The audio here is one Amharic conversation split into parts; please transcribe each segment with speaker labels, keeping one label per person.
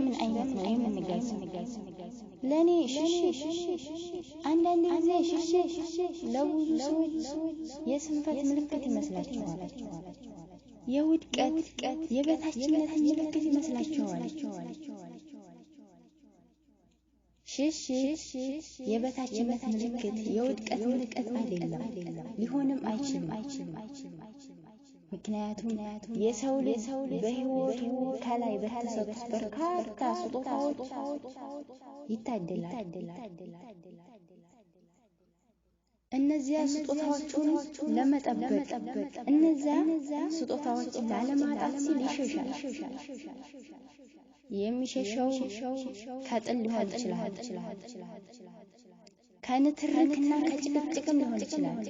Speaker 1: በምን አይነት ነው የምንገልጸው? ለእኔ ሽሽ አንዳንድ ጊዜ ሽሽ ለብዙ ሰዎች የስንፈት ምልክት ይመስላችኋል። የውድቀት የበታችነት ምልክት ይመስላችኋል። ሽሽ የበታችነት ምልክት የውድቀት ምልክት አይደለም፣ ሊሆንም አይችልም። ምክንያቱም የሰው ልጅ በህይወቱ ከላይ በተሰጡት በርካታ ስጦታዎች ይታደላል። እነዚያ ስጦታዎቹን ለመጠበቅ እነዚያ ስጦታዎችን ላለማጣት ሲል ይሸሻል። የሚሸሸው ከጥል ሊሆን ይችላል፣ ከንትርክና ከጭቅጭቅም ሊሆን ይችላል።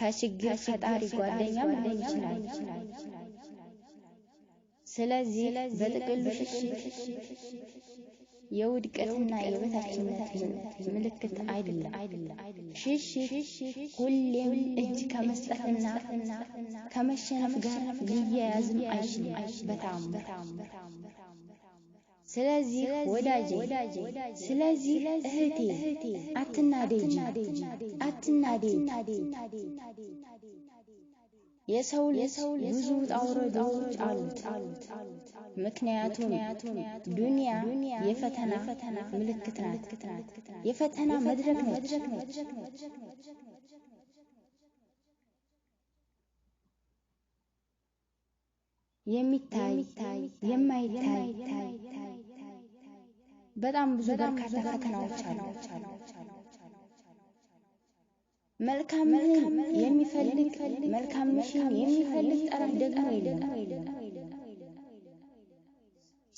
Speaker 1: ከችግር ፈጣሪ ጓደኛ ምንድን ይችላል። ስለዚህ በጥቅሉ ሽሽት የውድቀትና የበታችነት ምልክት አይደለም። ሽሽ ሁሌም እጅ ከመስጠትና ከመሸነፍ ጋር ሊያያዝም አይችልም በጣም ስለዚህ ወዳጄ፣ ስለዚህ እህቴ አትናደጂ፣ አትናደጂ። የሰው ልጅ ብዙ ውጣ ውረዶች አሉት። ምክንያቱም ዱንያ የፈተና ምልክት ናት፣ የፈተና መድረክ ነች። የሚታይ የማይታይ በጣም ብዙ በርካታ ፈተናዎች አሉ። መልካም የሚፈልግ መልካም ምሽን የሚፈልግ ጠረፍ ደግሞ የለም።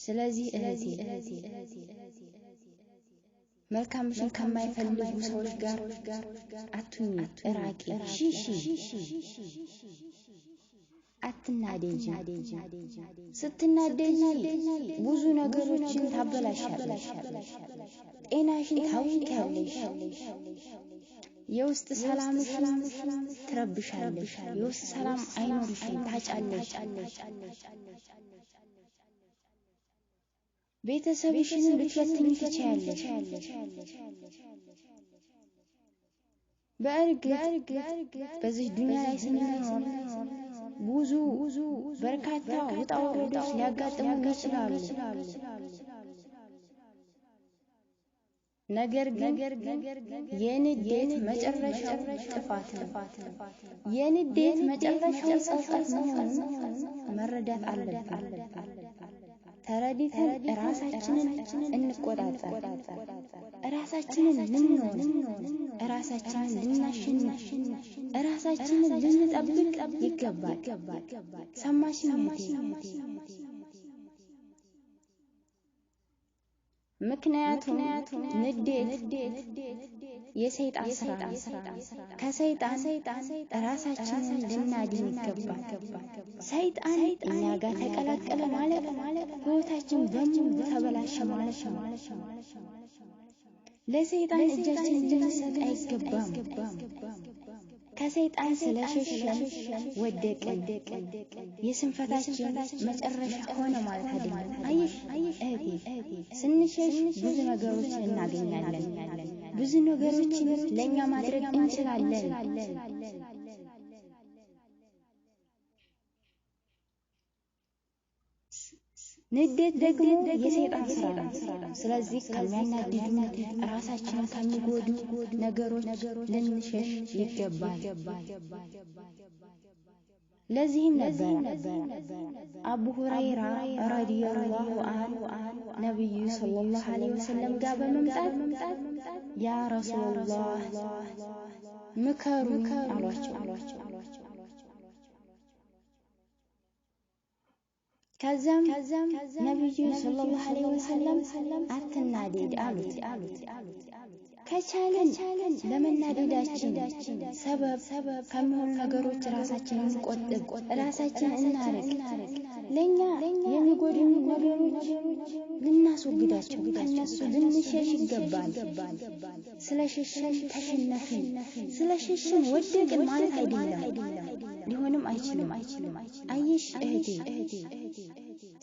Speaker 1: ስለዚህ እህቴ መልካም ምሽን ከማይፈልጉ ሰዎች ጋር አትሁኚ፣ እራቂ፣ ሽሺ አትናደጂ። ስትናደጂ ብዙ ነገሮችን ታበላሻለሽ፣ ጤናሽን የውስጥ ሰላምሽን ትረብሻለሽ፣ የውስጥ ሰላም አይኖርሽም፣ ታጫለሽ። ቤተሰብሽን ልትበትኝ ትችያለሽ። በእርግጥ በዚህ ዱንያ ላይ ስንኖር ብዙ በርካታ ውጣ ውረዶች ሊያጋጥሙ ይችላሉ። ነገር ግን የንዴት መጨረሻው ጥፋት ነው። የንዴት መጨረሻው ጸጸት መሆኑን መረዳት አለብን። ተረድተን ራሳችንን እንቆጣጠር፣ ራሳችንን እንሆን፣ ራሳችንን ራሳችንን ልንጠብቅ ይገባል። ሰማሽኝ ምክንያቱም ንዴት የሰይጣን ስራ፣ ከሰይጣን ራሳችንን ልናድን ይገባል። ሰይጣን እኛ ጋር ተቀላቀለ ማለት ህይወታችን በሙሉ ተበላሸ ማለት ነው። ለሰይጣን እጃችን ልንሰጥ አይገባም። ከሰይጣን ስለሸሸን ወደቅን። የስንፈታችን መጨረሻ ሆነ ማለት አይደለም። አየሽ እህቴ፣ ስንሸሽ ብዙ ነገሮች እናገኛለን። ብዙ ነገሮችን ለእኛ ማድረግ እንችላለን። ንዴት ደግሞ የሰይጣን ስራ ነው። ስለዚህ ከሚያናድዱን ራሳችን ከሚጎዱ ነገሮች ልንሸሽ ይገባል። ለዚህም ነበረ አቡ ሁረይራ ረዲየላሁ አንሁ ነቢዩ ሰለላሁ ዐለይሂ ወሰለም ጋር በመምጣት ያ ረሱሉላህ ምከሩ አሏቸው። ከዛም ነቢዩ ሰለላሁ ዐለይሂ ወሰለም አትናደድ አሉት። ከቻልን ለመናደዳችን ሰበብ ከሚሆኑ ነገሮች ራሳችንን ቆጥብ፣ ራሳችን እናርቅ። ለእኛ የሚጎድኑ ነገሮች ልናስወግዳቸው ከነሱ ልንሸሽ ይገባል። ስለሸሸን ተሸነፍን፣ ስለሸሸን ወደቅን ማለት አይደለም፣ ሊሆንም አይችልም። አየሽ እህቴ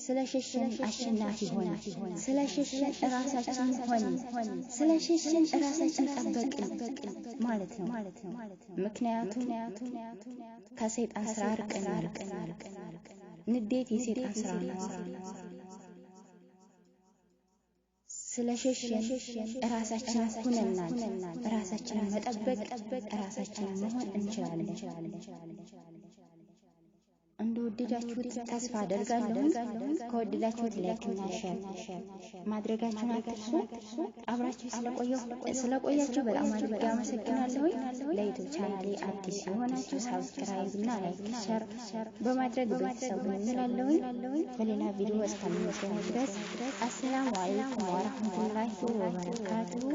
Speaker 1: ስለሸሸን አሸናፊ ሆን፣ ስለሸሸን እራሳችን ሆን፣ ስለሸሸን እራሳችን ጠበቅን ማለት ነው። ምክንያቱም ከሰይጣን ስራ ርቀን ንዴት የሰይጣን ስራ ነው። ስለሸሸን እራሳችን ሁነናል። ራሳችንን መጠበቅ ራሳችንን መሆን እንችላለን። እንደወደዳችሁት ተስፋ አደርጋለሁ። ከወደዳችሁት ላይክና ሼር ማድረጋችሁን አትርሱ። አብራችሁ ስለቆያችሁ በጣም አድርጌ አመሰግናለሁ። ለዩቱብ ቻናሌ አዲስ የሆናችሁ ሳብስክራይብ እና ላይክ ሼር በማድረግ ቤተሰቡ እንላለሁ። በሌላ ቪዲዮ እስከምንገናኝ ድረስ አሰላሙ አለይኩም ወራህመቱላሂ ወበረካቱሁ።